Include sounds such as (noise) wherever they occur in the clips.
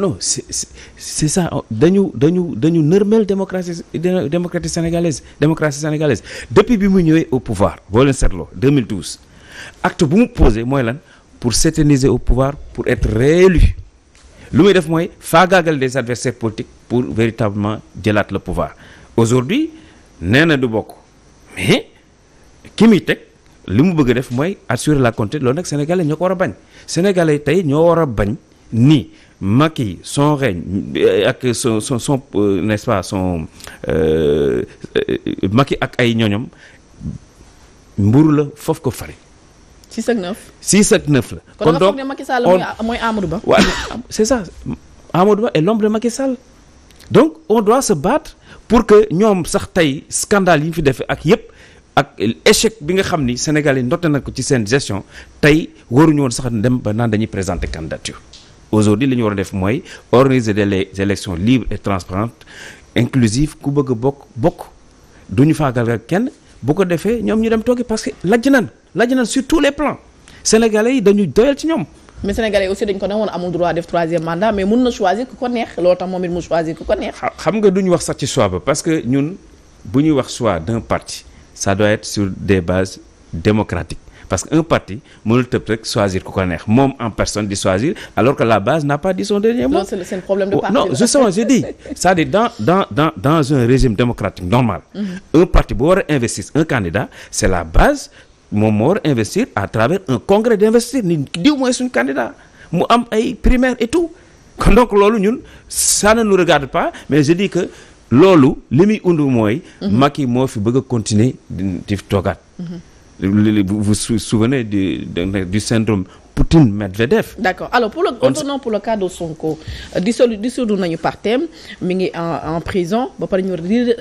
non c'est c'est ça dañu dañu dañu nërmeel démocratie démocratie sénégalaise démocratie sénégalaise depuis bi mu ñëwee au pouvoir boo leen seetloo 2012 acte bu mu posé mooy lan pour s'éterniser au pouvoir pour être réélu lu muy def mooy faagaagal des adversaires politiques pour véritablement jëlaat le pouvoir aujourd'hui nee na du bokk mais ki muy teg li mu bëgg def mooy assurer la continuité loolu nag sénégalais ñoo ko war a bañ sénégalais tey ñoo war a bañ nii Macky son règne euh, ak son son son euh, n'est-ce pas son euh, Macky ak ay ñoñom mburu la foofu ko fari. 6 ak 9. 6 ak 9 la. kon donc kon nga foog ne Macky Sall mooy Amadou Ba. waaw c'est ça Amadou Ba est l'ombre de Macky Sall. donc on doit se battre pour que ñoom sax tey scandale yi ñu fi defee ak yépp ak échec bi nga xam ni Sénégal yi ndotte na ko ci seen gestion tey waruñu woon sax dem ba naan dañuy présenter candidature. aujourd'hui li ñu war a def mooy organiser des élections libres et transparentes inclusives ku bëgg a bokk bokk du ñu faagal kenn bu ko defee ñoom ñu dem toogi parce que lajj nan lajj nan sur tous les plans sénégalais yi dañu doyal ci ñoom. mais sénégalais yi aussi dañ ko ne woon amul droit def troisième mandat mais mun na choisir ku ko neex loolu tax moom it mu choisir ku ko neex. xam nga duñu wax sax ci choix ba parce que ñun bu ñuy wax choix d'un parti ça doit des bases démocratiques. parce que un parti mënul tëb rek choisir ku ko neex moom en personne di choisir alors que la base n'a pas dit son dernier mot. non c'est le, c'est le problème de oh, parti. non justement je dis cest dans dans dans régime démocratique normal. Mhm. un parti bu war a investir un candidat la base moom moo war a investir à travers un congrès d'investir ni diw mooy suñu candidat mu am ay primaires et tout kon donc loolu ñun sa ne nous regarde pas mais je dis que. loolu li muy undu mooy mhm. Macky moo fi bëgg a continuer di vous vous souvenez du du syndrome Poutine Medvedev. d'accord alors pour le contenant pour le cas de Sonko euh, dissolu dissoudre nañu partem mi ngi en en prison ba pare ñu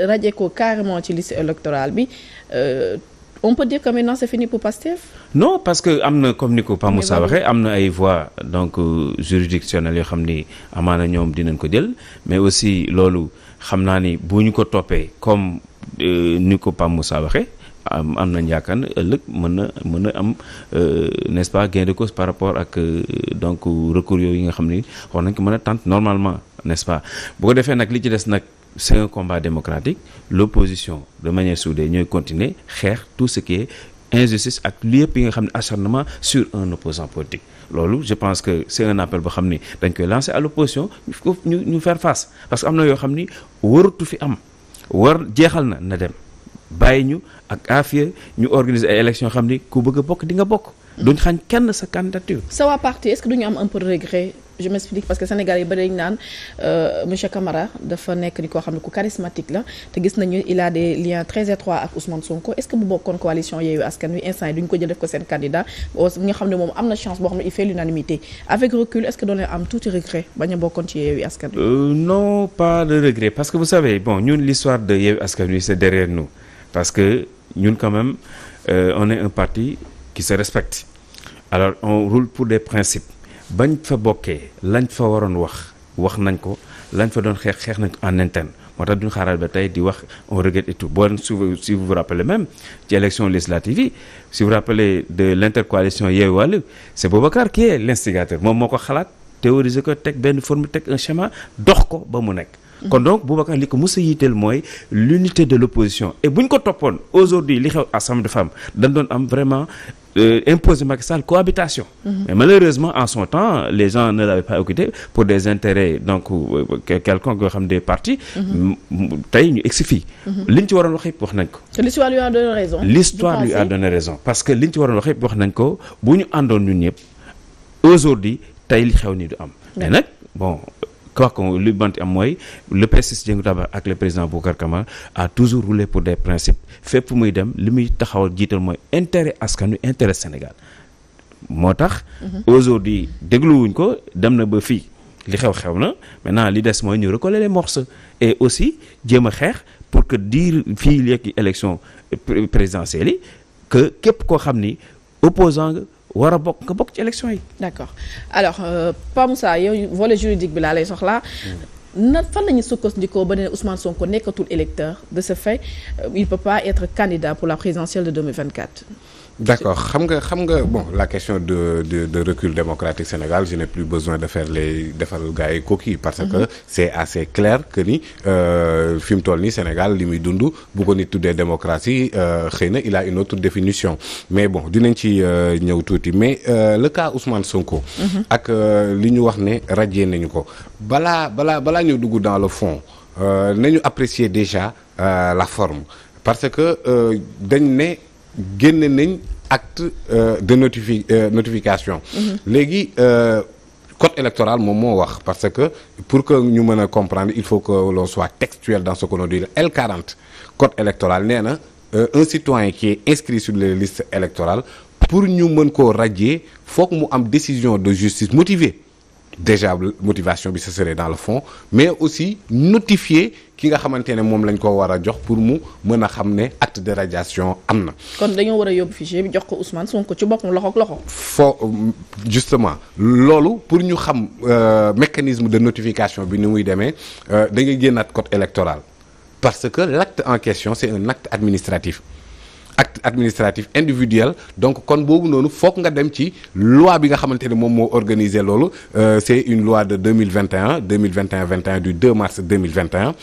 radié ko carrément ci liste électorale bi euh, on peut dire que maintenant c'est fini pour Pastef. non parce que am na comme ni ko Pa Moussa waxee am na ay voies donc euh, juridictionnelles yoo xam ni amaana ñoom dinañ ko jël mais aussi loolu xam naa ni bu ñu ko toppee comme ni ko Pa Moussa waxee. am am nañ yaakaar ne ëllëg mën na mën na am euh, n'est-ce pas gain de cause par rapport ak euh, donc recours yooyu nga xam ni xool nañ ko mën a tant normalement n'est-ce pas boo ko defee nag li ci des nag c'est un combat démocratique l'opposition de manière soudée ñooy continuer xeex tout ce qui est injustice ak lépp yi nga xam ne acharnement sur un opposant politique loolu je pense que c'est un appel boo xam ni dañ koy lancer à l'opposition ñu ñu faire face parce que am na yoo xam ni waratu fi am war jeexal na na dem bàyyi ñu ak afia ñu organiser ay xam ni ku bëgg bokk di nga bokk. duñ xañ kenn sa candidature. sa waa parti est-ce que duñu am un peu de regret je m'explique parce que euh, koo xam ne ku a des liens très bu na chance il fait l'unanimité avec recul est-ce que doon am tuuti regret a bokkoon ci Yewwi Askan Wi. Euh, non pas de regret savez bon ñun l'histoire de Yewwi Askan Wi c'est derrière nous. parce que ñun quand même euh, on est un parti qui se respecte alors on roule pour des principes bañ fa bokkee lañ fa waroon wax wax nañ ko lañ fa doon xeex xeex nañ ko en interne moo tax duñ xaaral ba tey di wax on regrette et tout boo si si vous même ci élection législative yi si vous rappelez de l'intercoalition Yewwi Wallu c'est Boubacar qui est l'instigateur moom moo ko xalaat théoriser ko teg benn forme teg un schéma dox ko ba mu nekk kon donc Boubacar li ko mos a yitteel mooy l'unité de l'opposition et bu ñu ko toppoon aujourd'hui li xew Assemblée des femmes dañ doon am vraiment Euh, imposer Macky Sall cohabitation. Mm-hmm. malheureusement en son temps les gens ne l'avaient pas écouté pour des intérêts donc euh, quelconque yoo xam des parti mm-hmm. tey ñu exifie. Mm-hmm. li ñu ci waroon wax yëpp wax nañ ko. l'histoire lui a donné raison. l'histoire lui a donné raison parce que li ñu ci waroon wax yëpp wax nañ ko bu ñu àndoon ñun ñëpp aujourd'hui tey li xew nii du am. mais bon. quoi qu'on lu banti am mooy le PSS Diengu Taba ak le président Boucar Camara a toujours roulé pour des principes fépp muy dem li muy taxawal jiital mooy intérêt askan wi Sénégal moo tax mhm. aujourd'hui dégluwuñ ko dem na ba fii li xew xew na maintenant li des mooy ñu ko les morceaux et aussi jéem a xeex pour que diir fii léegi élection présidentielle yi que képp koo xam ni opposant war a bokk nga bokk ci élection yi. d'accord alors euh, Pa Moussa yow volet juridique bi laa lay soxla na fan lañu ñuy sukkandikoo ba ne Ousmane Sonko nekkatul électeur de ce fait euh, il peut pas être candidat pour la présidentielle de 2024. D'accord xam nga xam nga bon la question de de de recul démocratique Sénégal je n'ai plus besoin de faire les defal gars yi coquille parce que mhm. c'est assez clair que ni euh, fi mu toll nii Sénégal li muy dund bu ko nit tuddee démocratie euh, xëy na il a une autre définition mais bon dinañ ci euh, ñëw tuuti mais le cas Ousmane Sonko. Mhm. ak li ñu wax ne radié nañu ko balaa balaa balaa ñu dugg dans le fond nañu apprécier déjà la forme parce que dañ ne. génne nañ acte euh, de notifi euh, notification mhm. léegi euh, code électoral moom moo wax parce que pour que ñu mën a comprendre il faut que l'on soit textuel dans ce que l'on dit L40 code électoral nee na un citoyen qui est inscrit sur les listes électoral pour ñu mën koo radier foog mu am décision de justice motivée déjà motivation bi ce serait dans le fond mais aussi notifier ki nga xamante ne moom lañ ko war a jox pour mu mën a xam ne acte de radiation am na. kon dañoo war a yóbbu fichier bi jox ko Ousmane ko ci bokk loxo ak loxo. fo justement loolu pour ñu xam euh, mécanisme de notification bi ni muy demee euh, da ngay génnaat code électoral parce que l'acte en question c'est un acte administratif. acte administratif individuel donc kon boobu noonu foog nga dem ci loi bi nga xamante ne moom moo organiser loolu euh, c'est une loi de 2021 2021 21 du 2 mars 2021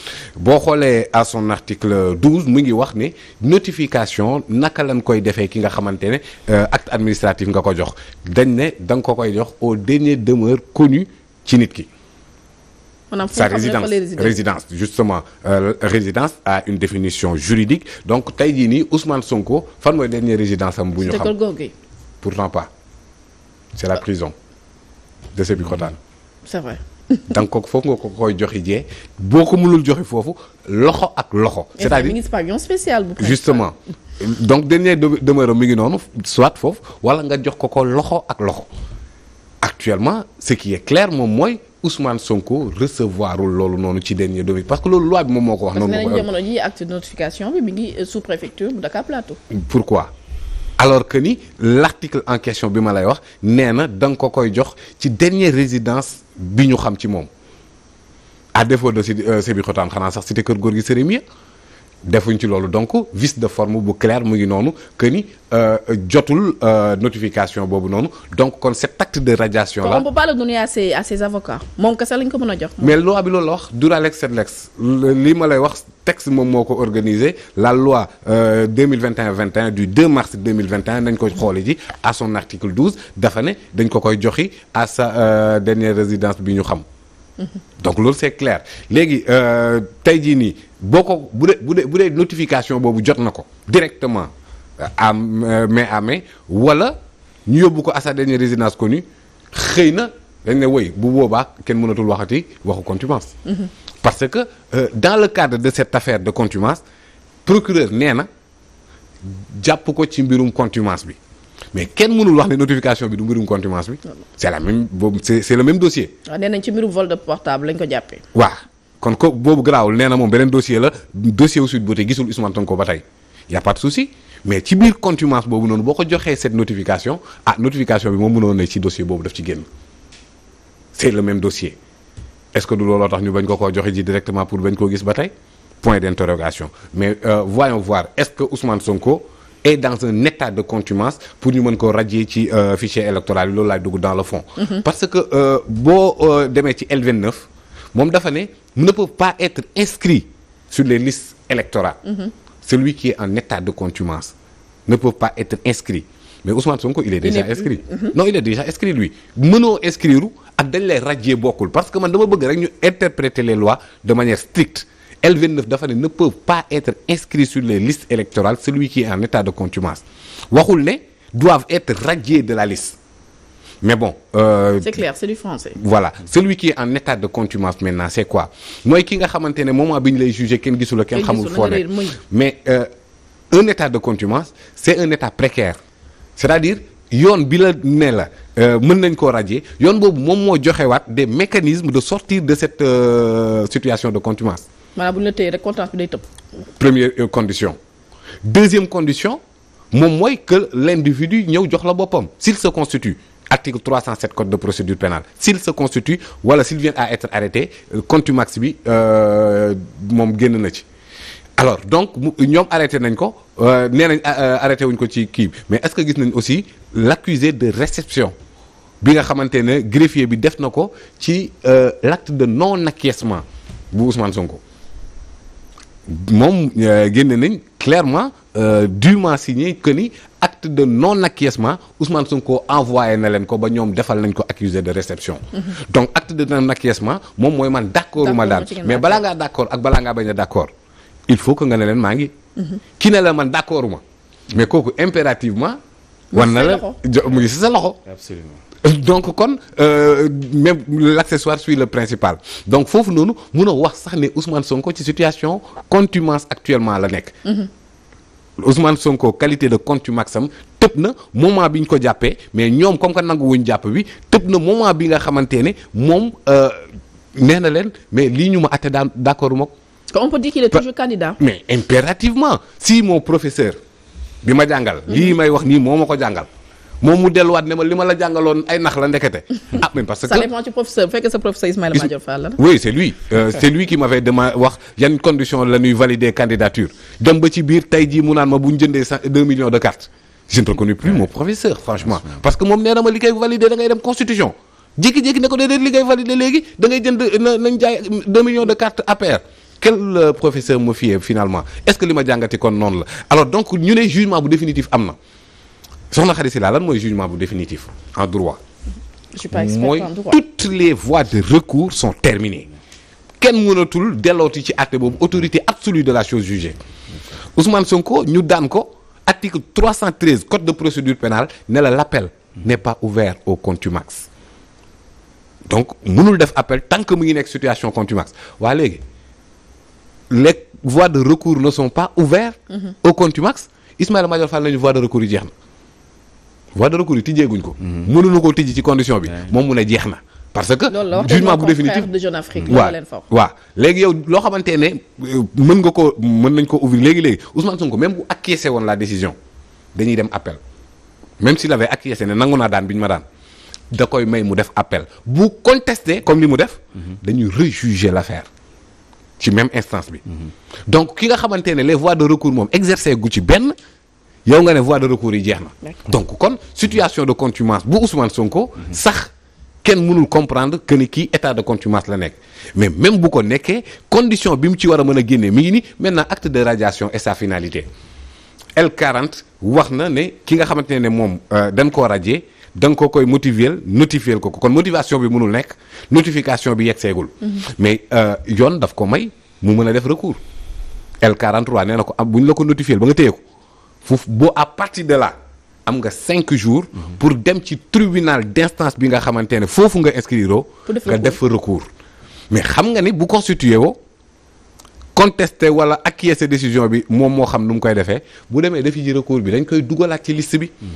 boo xoolee à son article 12 mu ngi wax ni notification naka lañ koy defee ki nga xamante ne euh, acte administratif nga ko jox dañ ne da nga ko koy jox au dernier demeure connu ci nit ki maanaam sa résidence résidence justement euh, résidence a une définition juridique donc tey jii nii Ousmane Sonko fan mooy dernier résidence am bu ñu xam pourtant pas c'est la ah. prison de Sébikotane c'est vrai (laughs) donc kooku foofu nga ko koy joxe jee boo ko mënul joxe foofu loxo ak loxo c'est-à-dire pavillon spécial justement donc dernier demeure mi ngi noonu soit foofu wala nga jox ko ko loxo ak loxo actuellement ce clair moom mooy Ousmane Sonko recevoirul loolu noonu ci dernier domi parce que loolu loi bi moom moo ko wax. noonu moo ko jamono ji acte de notification bi mi ngi sous préfecture bu Dakar Plateau. pourquoi alors que ni l'article en question bi ma lay wax nee na da nga ko koy jox ci dernière résidence bi ñu xam ci moom à défaut de euh, Sébikotane xanaa sax cité kër góor gi Serigne defuñ ci loolu donc vice de forme bu clair mu ngi noonu que ni euh, jotul euh, notification boobu noonu donc kon cet acte de radiation la on peut pas le donner à ses à moom kese lañ ko mën a jox. mais loi bi loolu la wax dura lex ma lay wax texte moom moo ko organisé la loi 2021-21 euh, du 2 mars 2021 nañ ko xooli ji à son article 12 dafa ne dañ ko koy joxi à sa dernière résidence bi ñu xam. donc loolu c'est clair léegi euh, tey jii nii boo ko bu dee bu dee bu dee notification boobu jot na ko directement am euh, euh, main à main wala ñu yóbbu ko à sa dernière résidence connue xëy na dañ ne woy bu boobaa kenn mënatul waxati waxu contumace. Mhm. parce que dans le cadre de cette affaire de contumace procureur nee na jàpp ko ci mbirum contumace bi. mais kenn mënul wax ne notification bi du mbirum contumace bi. c' est la même boobu c' est c' est le même dossier. waaw ah, nee ci mbirum vol portable lañ ko jàppee. waaw kon ko boobu garaawul nee moom beneen dossier la dossier wu Sweet Beauté gisul Ousmane Sonko ba tey y' souci mais ci biir contumace boobu noonu boo ko joxee cette notification ah notification bi moom mënoon ne ci dossier boobu daf ci génn c' le même dossier est ce que du looloo tax ñu bañ ko koo joxe ji directement pour bañ koo gis ba tey point d' interrogation mais euh, voyons voir est ce que Ousmane Sonko. est dans un état de contumace pour ñu mën ko radier ci euh, fichier électoral yi loolu laay dugg dans le fond mhm. parce que euh, boo euh, demee ci L29 moom dafa ne ne peut pas être inscrit sur les listes électorales mhm. celui qui est en état de contumace ne peut pas être inscrit mais Ousmane Sonko il est déjà inscrit mhm. non il est déjà inscrit lui mënoo inscrire ak dañ lay rajee bokkul parce que man dama bëgg rek ñu interpréter les lois de manière stricte L29 dafa ne ne peut pas être inscrit sur les listes électorales celui qui est en état de contumace waxul ne doivent être radiés de la liste mais bon. Euh, c'est clair c'est du français. voilà celui qui est en état de contumace maintenant c'est quoi mooy ki nga xamante ne moment bi ñu lay jugé kenn gisul la kenn xamul. foo nekk mais euh, un état de contumace c'est un état précaire c'est-à-dire. yoon bi la ne la euh, mën nañ ko radier yoon boobu moom moo joxewaat des mécanismes de sortir de cette euh, situation de contumace maanaam bu ñu la téyee rek contrainte bi day tëb. première euh, condition deuxième condition moom mooy que l'individu ñëw jox la boppam s'il se constitue. article 307 code de procédure pénale s'il se constitue wala s'il vient à être arrêté euh, contumace bi euh, moom génn na ci alors donc ñoom arrêté nañ ko nee nañ arrêté wuñ ko ci kii mais est-ce que gis nañ aussi l'accusé de réception bi nga xamante ne greffier bi def na ko ci l'acte de non acquiescement bu Ousmane Sonko. moom euh, génne nañ clairement euh, dûment signé que ni acte de non acquiescement Ousmane Sonko envoyé na leen ko ba ñoom defal nañ ko accusé de réception mhm. donc acte de non acquiescement moom mooy man d'accorduma daal mais balaa ngaa d'accord ak balaa ngaa bañ a d'accord il faut que nga ne leen maa ngi mhm. ki ne la man ma mais kooku impérativement war na la mu ngi si sa loxo absolument donc kon euh, même l'accessoire suit le principal donc foofu noonu mënoo wax sax ni Ousmane Sonko ci situation contumace actuellement la nekk. Mhm. Ousmane Sonko qualité de contumace am tëb na moment bi ko jàppee mais ñoom comme que nangu wuñ jàpp bi tëb na moment bi nga xamante ne moom euh, nee na leen mais lii ñu ma atte daan d'accord mook on peut dire qu'il est toujours candidat. mais impérativement si mon professeur bi ma jàngal. lii mhm. may wax nii moo ma ko jàngal. moom mu delluwaat ne ma li ma la jàngaloon ay nax la ndekete. ah mais parce que ça dépend ci professeur bu fekkee sa professeur Ismaïla Madior Fall euh, ba ci biir tey jii mu naan ma bu jëndee cent deux millions de cartes je ne reconnais plus mon professeur franchement parce que moom nee na ma li koy valider da ngay dem constitution. Euh, jàngati kon noonu la alors donc ñu ne jugement bu définitif am na soxna Khady Sylla lan mooy jugement bu définitif en droit. je suis mooy toutes les voies de recours son terminées kenn mënatul dellooti ci àtte boobu autorité absolue de la chose jugée Ousmane Sonko ñu daan ko article 313 code de procédure penal ne la l'appel n'est pas ouvert au contumax donc mënul def appel tant que mu ngi nekk situation contumax waa léegi les voies de recours ne sont pas ouvertes. Mm -hmm. au contumax Ismaïla Madior Fall nañu voie de recours jeex na. voie de recours yi tijjeeguñ ko. Mhm. mënuñu koo tijji ci condition bi. moom mu ne jeex na. parce que jugement bu définitif de léegi yow loo xamante ne euh, mën nga ko mën nañ ko ouvrir léegi léegi Ousmane Sonko même bu acquiescé woon la décision dañuy dem appel même s'il avait acquiescé ne nangu naa daan bi ñu ma daan da koy may mu def appel bu contesté comme li mu def mhm. dañuy rejuger l'affaire ci même instance bi mhm. donc ki nga xamante ne les voies de recours moom exercé gu ci benn yow nga ne voie de recours yi jeex na donc kon situation de contumace bu Ousmane Sonko sax kenn mënul comprendre que ni kii état de contumace la nekk mais même bu ko nekkee condition bi mu ci war a mën a génnee mi ngi ni maintenant acte de radiation et sa finalité L40 wax na ne ki nga xamante ne moom euh, dañ koo radier danga ko koy motiviel notifier ko ko kon motivation bi mënul nekk notification bi yegg seegul mm-hmm. mais euh, yoon daf ko may mu mën a def recours L43 nee na ko am ah, bu ñu la ba nga téye ko foofu boo à partir de là am nga cinq jours. Mhm. pour dem ci tribunal d'instance bi nga xamante ne foofu nga inscrire. nga def fa recours. mais xam nga ni bu constitué woo contesté wala acquiescer décision bi moom moo xam nu mu koy defee bu demee defi ji recours bi dañ koy dugalaat ci list bi. Mhm.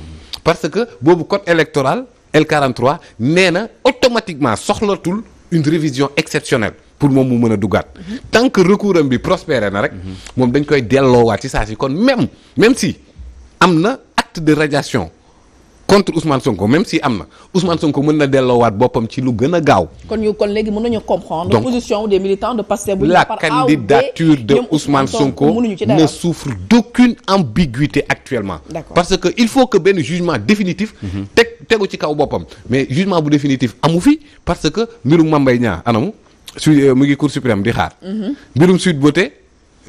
parce que boobu code électoral L43 nee na automatiquement soxlatul une révision exceptionnelle. pour moom mu mën a dugaat tant que recours am bi prospéré na rek moom dañ koy delloowaat ci saa si kon même même si am na acte de radiation contre Ousmane Sonko même si am na Ousmane Sonko mën na delloowaat boppam ci lu gën a gaaw. kon ñu kon léegi mën nañu comprendre. donc position des militants de Pastef bu la candidature de Ousmane Sonko ne souffre d'aucune ambiguïté actuellement. parce que il faut que benn jugement définitif. Mhm. teg tegu ci kaw boppam mais jugement bu définitif amu fi parce que mbirum Mame Mbaye Niang anamu. su euh, mu ngi cour suprême di xaar. Mhm. mbirum Sweet Beauté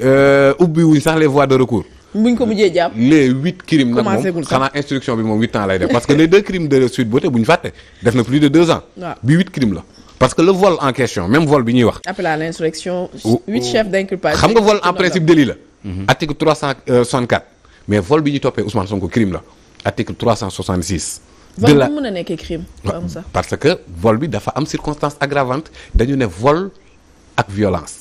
euh, ubbi wuñ sax les de recours. buñ ko mujjee jàpp les huit crimes nag moom xanaa instruction bi moom huit ans lay def parce que les deux crimes de Sweet Beauté bu ñu fàtte def na plus de deux bi huit crimes la. parce que le vol en question même vol bi ñuy wax. xam nga vol en principe délit la. Mhm. article trois cent euh, quatre mais vol bi ñu toppee Ousmane Sonko crime la article trois cent soixante-six de la mën a nekkee crime parce que vol bi dafa am circonstance aggravante dañu ne vol ak violence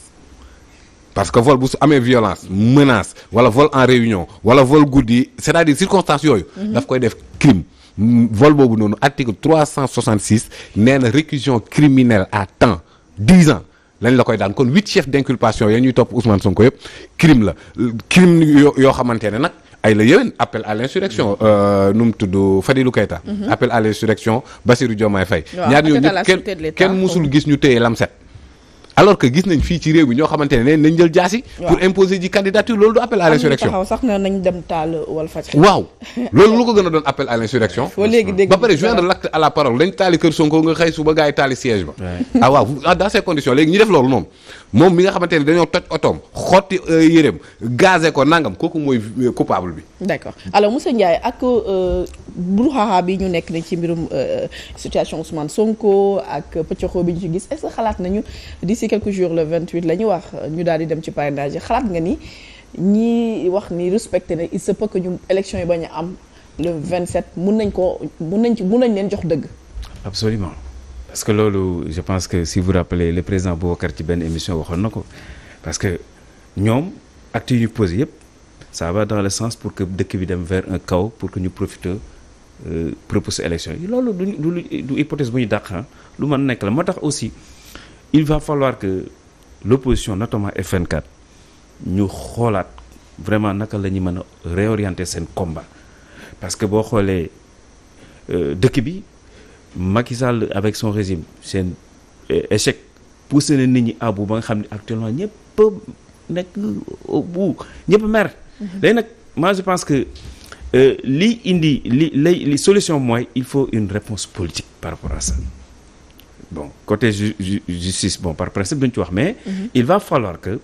parce que vol bu su amee violence menace wala vol en réunion wala vol guddi c'est-à-dire circonstance yooyu mhm. daf koy def crime vol boobu noonu article 366 nee na réclusion criminelle à temps 10 ans lañ la koy daan kon huit chefs d'inculpation ya ñuy topp Ousmane Sonko yëpp crime la crime yoo xamante ne nag ay la yéwén appel à l'insurrection mm-hmm. euh, nu mu tudd Fadilou Keita mm-hmm. appel à l'insurrection Bassirou Diomaye Faye ñaar yooyu kenn kenn gis ñu téye lamset alors que gis nañ fii ci réew mi ñoo xamante ne nañ jël jaasi pour imposer ji candidature loolu du appel à l'insurrection taxaw sax na nañ dem taal (laughs) a doon appel ba pare joindre l'acte à la parole dañ taali kër Sonko nga xëy suba gars taali siège ba ah waaw dans ces léegi ñu def loolu noonu moom mi nga xamante ne dañoo toj otoom xotti euh, yërëm gazé ko nangam kooku mooy euh, coupable bi. d'accord alors monsieur Ndiaye ak euh, brouhaha bi ñu nekk nañ ci mbirum situation Ousmane Sonko ak pëccoxoo bi ñu ci gis est-ce xalaat nañu d'ici quelques jours le 28 la ñu wax ñu daal di dem ci parrainage yi xalaat nga ni ñi wax ni respecté na il se peut ñu élection yi bañ a am le 27 mun nañ ko mun nañ ci mun nañ leen jox dëgg. absolument parce que loolu je pense que si vous rappelez le président Boubacar ci benn émission waxoon na ko parce que ñoom actes yi ñu posé yëpp ça va dans le sens pour que dëkk bi dem vers un chaos pour que ñu profiter euh, proposer élection yi loolu du du bu ñu dàq lu mën nekk la moo tax aussi il va falloir que l'opposition notamment FN4 ñu xoolaat vraiment naka la ñu mën a réorienter seen combat parce que boo xoolee euh, dëkk bi. Macky Sall avec son régime seen euh, échec poussé na nit ñi àbbu ba nga xam ne actuellement ñëpp nekk au bout ñëpp mer. Mhm. léegi nag moi je pense que euh, li indi li lay li solution mooy il faut une réponse politique par rapport à ça bon côté ju ju justice bon par principe duñ ci wax mais. Mhm. il va falloir que.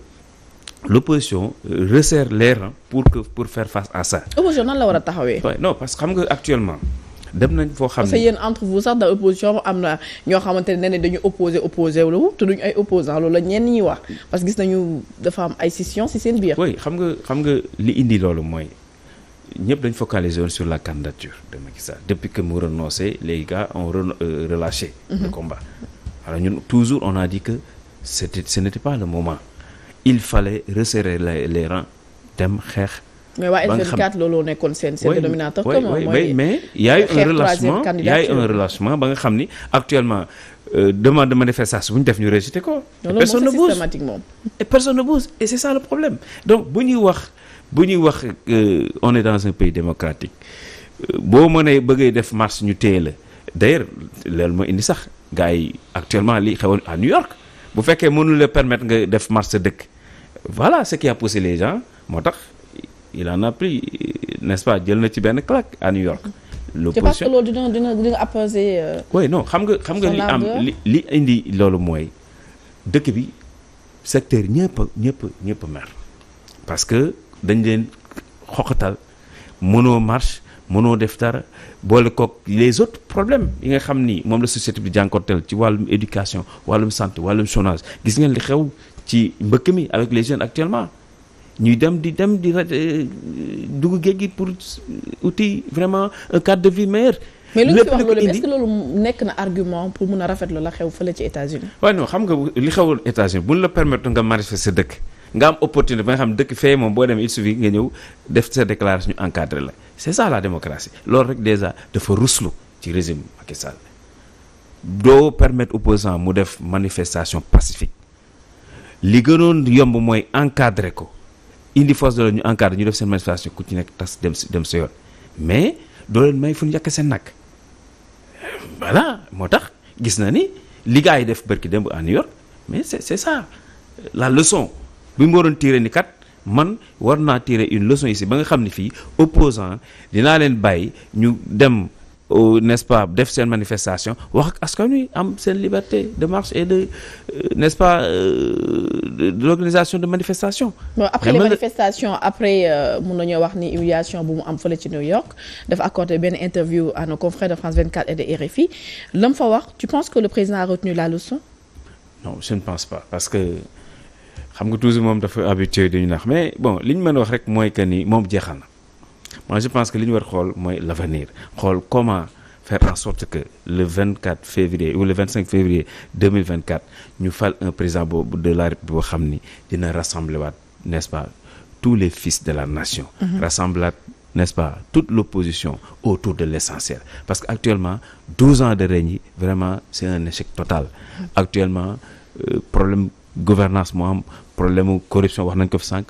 l'opposition euh, resserre les rangs pour que pour faire face à ça. opposition nan la war a taxawee. non parce que actuellement. dem nañ foo xam ne parce que yéen entre vous sax da opposition bi am na ñoo xamante ne ne dañu opposé opposé wu te duñu ay opposant loolu la ñenn ñi wax parce que gis nañu dafa am ay scission ci seen biir. xam nga xam nga li indi loolu mooy ñëpp dañ focaliser woon sur la candidature de Macky Sall depuis que mu renoncé les gars ont euh, relâché le mhm. combat alors ñun toujours on a di que c'était ce n'était pas le moment il fallait resserrer les rangs dem xeex. mais waa L24 looloo nekkoon seen seen dénominateur commun mooy mais y a eu un relâchement y a eu un relâchement ba nga xam ni actuellement euh, demande de manifestation bu ñu def ñu rejeté ko. personne ne bouge et personne ne bouge et c'est ça le problème donc bu ñuy wax bu ñuy wax on est dans un pays démocratique euh, boo mënee bëggee def marche ñu téye la d'ailleurs loolu moo indi sax gars yi actuellement li xewoon à New York bu fekkee mënul la permettre nga def marche sa dëkk voilà ce qui a poussé les gens moo tax. il en a pris nest pas jël na ci benn claque à New York. l'opposition je pense que loolu dina dina dina apposer. Euh, oui xam nga xam nga li am li li indi loolu mooy dëkk bi secteur ñëpp ñëpp ñëpp mer parce que dañ leen xoqatal mënoo marche mënoo def dara boole koog les autres problèmes yi nga xam ni moom la société bi jànkonteel ci wàllum éducation wàllum santé wàllum chômage gis ngeen li xew ci mbëkk mi avec les jeunes actuellement. ñuy dem di dem di euh, dugg géej gi pour outil vraiment un cadre de vie meilleur. mais lu ñu ci wax loolu nekk na argument pour mun a rafetlu la xew fële ci États-Unis waaye non xam nga li xewul États-Unis bu ñu la permettre nga manifester dëkk nga am opportunité ba nga xam dëkk fee moom boo demee il suffit nga ñëw def sa déclaration ñu encadré la c'est ça la démocratie loolu rek déjà dafa ruslu ci régime Macky Sall doo permettre opposant mu def manifestation pacifique li gënoon yomb mooy encadré ko indi force de l'ordre ñu encadre ñu def seen manifestation ku ci nekk tas dem sa yoon mais doo leen may fu ñu yàq seen nag voilà moo tax gis na ni li yi def barki dem en New York mais c'est c'est ça la leçon bi mu waroon tiire ni kat man war naa tiire une leçon ici ba nga xam ne fii opposant dinaa leen bàyyi ñu dem n'est-ce pas def seen manifestation wax ak askan wi am seen liberté de marche et de euh, nest pas euh, l'organisation de manifestation. Non, après les manifestations après euh, mun nañoo wax ni humiliation bu mu am fële ci New York dafa accordé benn interview à nos confrères de France 24 et de RFI la mu fa wax tu penses que le président a retenu la leçon. non je ne pense pas parce que xam nga toujours moom dafa habitué dañu naax mais bon li ñu mën wax rek mooy que ni moom jeexal na moi je pense que li ñu war xool mooy l'avenir xool comment. faire en sorte que le 24 février ou le 25 février 2024 ñu fal un président boobu de la République boo xam ni dina rassembler waat n'est-ce pas tous les fils de la nation. Mm -hmm. rassembler n'est-ce pas toute l'opposition autour de l'essentiel parce que actuellement 12 ans de règne yi vraiment c'est un échec total. Mm-hmm. actuellement euh, problème gouvernance moo am problème corruption wax nañ ko sànq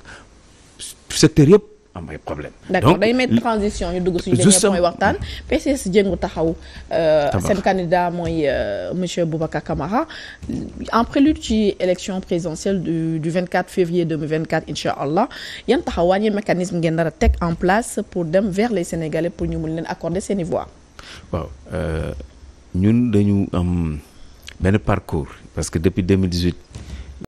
secteur yëpp. am ay problème d'accord day mettre transition ñu dugg suñu dernier point waxtaan PCS jëngu taxaw euh, seen candidat mooy euh, monsieur Boubacar Camara en prélude ci élection présidentielle du du 24 février 2024 incha allah yan taxawaan yan mécanisme ngeen nar a teg en place pour dem vers les Sénégalais pour ñu mun leen accorder seeni voix waaw euh, ñun dañu am benn parcours parce que depuis 2018